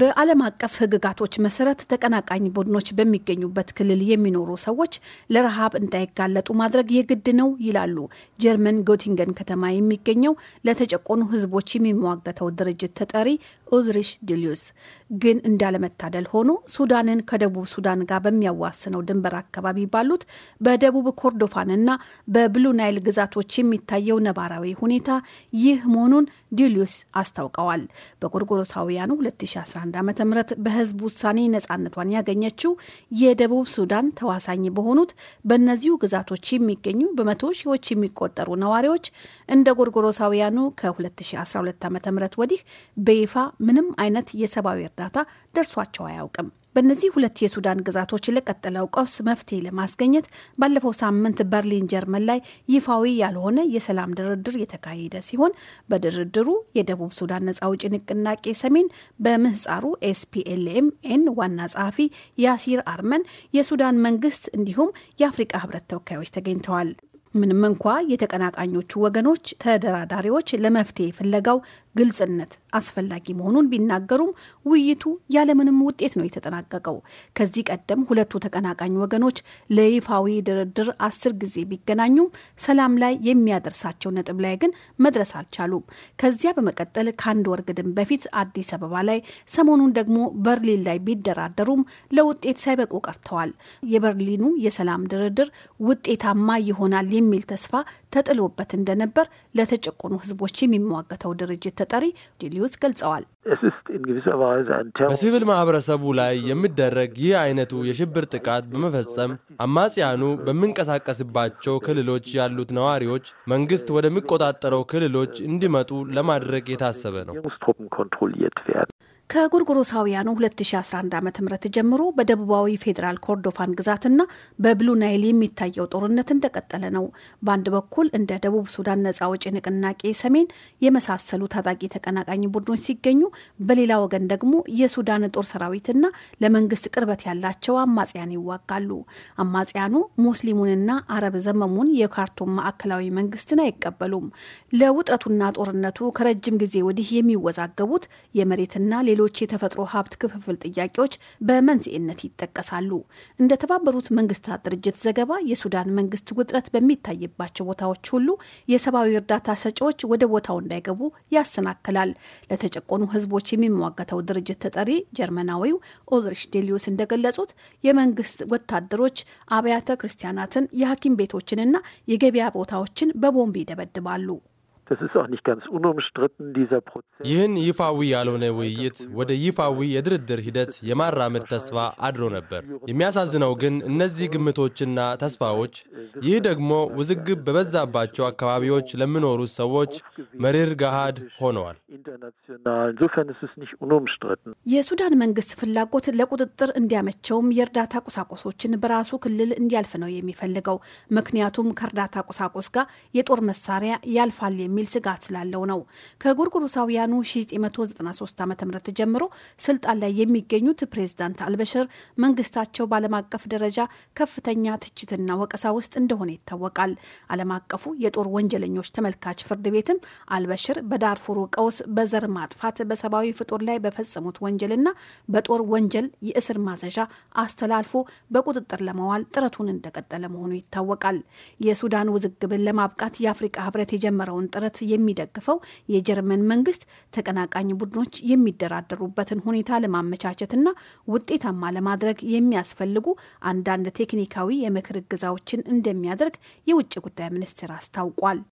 በዓለም አቀፍ ሕግጋቶች መሰረት ተቀናቃኝ ቡድኖች በሚገኙበት ክልል የሚኖሩ ሰዎች ለረሃብ እንዳይጋለጡ ማድረግ የግድ ነው ይላሉ ጀርመን ጎቲንገን ከተማ የሚገኘው ለተጨቆኑ ሕዝቦች የሚሟገተው ድርጅት ተጠሪ ኡድሪሽ ድልዩስ። ግን እንዳለመታደል ሆኖ ሱዳንን ከደቡብ ሱዳን ጋር በሚያዋስነው ድንበር አካባቢ ባሉት በደቡብ ኮርዶፋንና በብሉ ናይል ግዛቶች የሚታየው ነባራዊ ሁኔታ ይህ መሆኑን ድልዩስ አስታውቀዋል። በጎርጎሮሳውያኑ 2011 2011 ዓ ም በህዝብ ውሳኔ ነፃነቷን ያገኘችው የደቡብ ሱዳን ተዋሳኝ በሆኑት በእነዚሁ ግዛቶች የሚገኙ በመቶ ሺዎች የሚቆጠሩ ነዋሪዎች እንደ ጎርጎሮሳውያኑ ከ2012 ዓ ም ወዲህ በይፋ ምንም አይነት የሰብአዊ እርዳታ ደርሷቸው አያውቅም። በእነዚህ ሁለት የሱዳን ግዛቶች ለቀጠለው ቀውስ መፍትሄ ለማስገኘት ባለፈው ሳምንት በርሊን ጀርመን ላይ ይፋዊ ያልሆነ የሰላም ድርድር የተካሄደ ሲሆን በድርድሩ የደቡብ ሱዳን ነጻ አውጪ ንቅናቄ ሰሜን በምህፃሩ ኤስፒኤልኤም ኤን ዋና ጸሐፊ ያሲር አርመን፣ የሱዳን መንግስት እንዲሁም የአፍሪቃ ህብረት ተወካዮች ተገኝተዋል። ምንም እንኳ የተቀናቃኞቹ ወገኖች ተደራዳሪዎች ለመፍትሄ ፍለጋው ግልጽነት አስፈላጊ መሆኑን ቢናገሩም ውይይቱ ያለምንም ውጤት ነው የተጠናቀቀው። ከዚህ ቀደም ሁለቱ ተቀናቃኝ ወገኖች ለይፋዊ ድርድር አስር ጊዜ ቢገናኙም ሰላም ላይ የሚያደርሳቸው ነጥብ ላይ ግን መድረስ አልቻሉም። ከዚያ በመቀጠል ከአንድ ወር ግድም በፊት አዲስ አበባ ላይ፣ ሰሞኑን ደግሞ በርሊን ላይ ቢደራደሩም ለውጤት ሳይበቁ ቀርተዋል። የበርሊኑ የሰላም ድርድር ውጤታማ ይሆናል የሚል ተስፋ ተጥሎበት እንደነበር ለተጨቆኑ ሕዝቦች የሚሟገተው ድርጅት ተጠሪ ሉዊስ ገልጸዋል። በሲቪል ማህበረሰቡ ላይ የሚደረግ ይህ አይነቱ የሽብር ጥቃት በመፈጸም አማጽያኑ በሚንቀሳቀስባቸው ክልሎች ያሉት ነዋሪዎች መንግስት ወደሚቆጣጠረው ክልሎች እንዲመጡ ለማድረግ የታሰበ ነው። ከጉርጉሮሳውያኑ 2011 ዓ ም ጀምሮ በደቡባዊ ፌዴራል ኮርዶፋን ግዛትና በብሉ ናይል የሚታየው ጦርነት እንደቀጠለ ነው። በአንድ በኩል እንደ ደቡብ ሱዳን ነጻ አውጪ ንቅናቄ ሰሜን የመሳሰሉ ታጣቂ ተቀናቃኝ ቡድኖች ሲገኙ፣ በሌላ ወገን ደግሞ የሱዳን ጦር ሰራዊትና ለመንግስት ቅርበት ያላቸው አማጽያን ይዋጋሉ። አማጽያኑ ሙስሊሙንና አረብ ዘመሙን የካርቱም ማዕከላዊ መንግስትን አይቀበሉም። ለውጥረቱና ጦርነቱ ከረጅም ጊዜ ወዲህ የሚወዛገቡት የመሬትና ሌሎች የተፈጥሮ ሀብት ክፍፍል ጥያቄዎች በመንስኤነት ይጠቀሳሉ። እንደ ተባበሩት መንግስታት ድርጅት ዘገባ የሱዳን መንግስት ውጥረት በሚታይባቸው ቦታዎች ሁሉ የሰብአዊ እርዳታ ሰጪዎች ወደ ቦታው እንዳይገቡ ያሰናክላል። ለተጨቆኑ ህዝቦች የሚሟገተው ድርጅት ተጠሪ ጀርመናዊው ኦልሪሽ ዴሊዮስ እንደገለጹት የመንግስት ወታደሮች አብያተ ክርስቲያናትን፣ የሐኪም ቤቶችንና የገበያ ቦታዎችን በቦምብ ይደበድባሉ። ይህን ይፋዊ ያልሆነ ውይይት ወደ ይፋዊ የድርድር ሂደት የማራመድ ተስፋ አድሮ ነበር። የሚያሳዝነው ግን እነዚህ ግምቶችና ተስፋዎች፣ ይህ ደግሞ ውዝግብ በበዛባቸው አካባቢዎች ለሚኖሩ ሰዎች መሪር ገሃድ ሆነዋል። የሱዳን መንግስት ፍላጎት ለቁጥጥር እንዲያመቸውም የእርዳታ ቁሳቁሶችን በራሱ ክልል እንዲያልፍ ነው የሚፈልገው። ምክንያቱም ከእርዳታ ቁሳቁስ ጋር የጦር መሳሪያ ያልፋል የሚ የሚል ስጋት ስላለው ነው። ከጎርጎሮሳውያኑ 1993 ዓ ም ጀምሮ ስልጣን ላይ የሚገኙት ፕሬዝዳንት አልበሽር መንግስታቸው በዓለም አቀፍ ደረጃ ከፍተኛ ትችትና ወቀሳ ውስጥ እንደሆነ ይታወቃል። ዓለም አቀፉ የጦር ወንጀለኞች ተመልካች ፍርድ ቤትም አልበሽር በዳርፉሩ ቀውስ በዘር ማጥፋት በሰብአዊ ፍጡር ላይ በፈጸሙት ወንጀልና በጦር ወንጀል የእስር ማዘዣ አስተላልፎ በቁጥጥር ለመዋል ጥረቱን እንደቀጠለ መሆኑ ይታወቃል። የሱዳን ውዝግብን ለማብቃት የአፍሪቃ ህብረት የጀመረውን ጥረት ጥረት የሚደግፈው የጀርመን መንግስት ተቀናቃኝ ቡድኖች የሚደራደሩበትን ሁኔታ ለማመቻቸትና ውጤታማ ለማድረግ የሚያስፈልጉ አንዳንድ ቴክኒካዊ የምክር እገዛዎችን እንደሚያደርግ የውጭ ጉዳይ ሚኒስቴር አስታውቋል።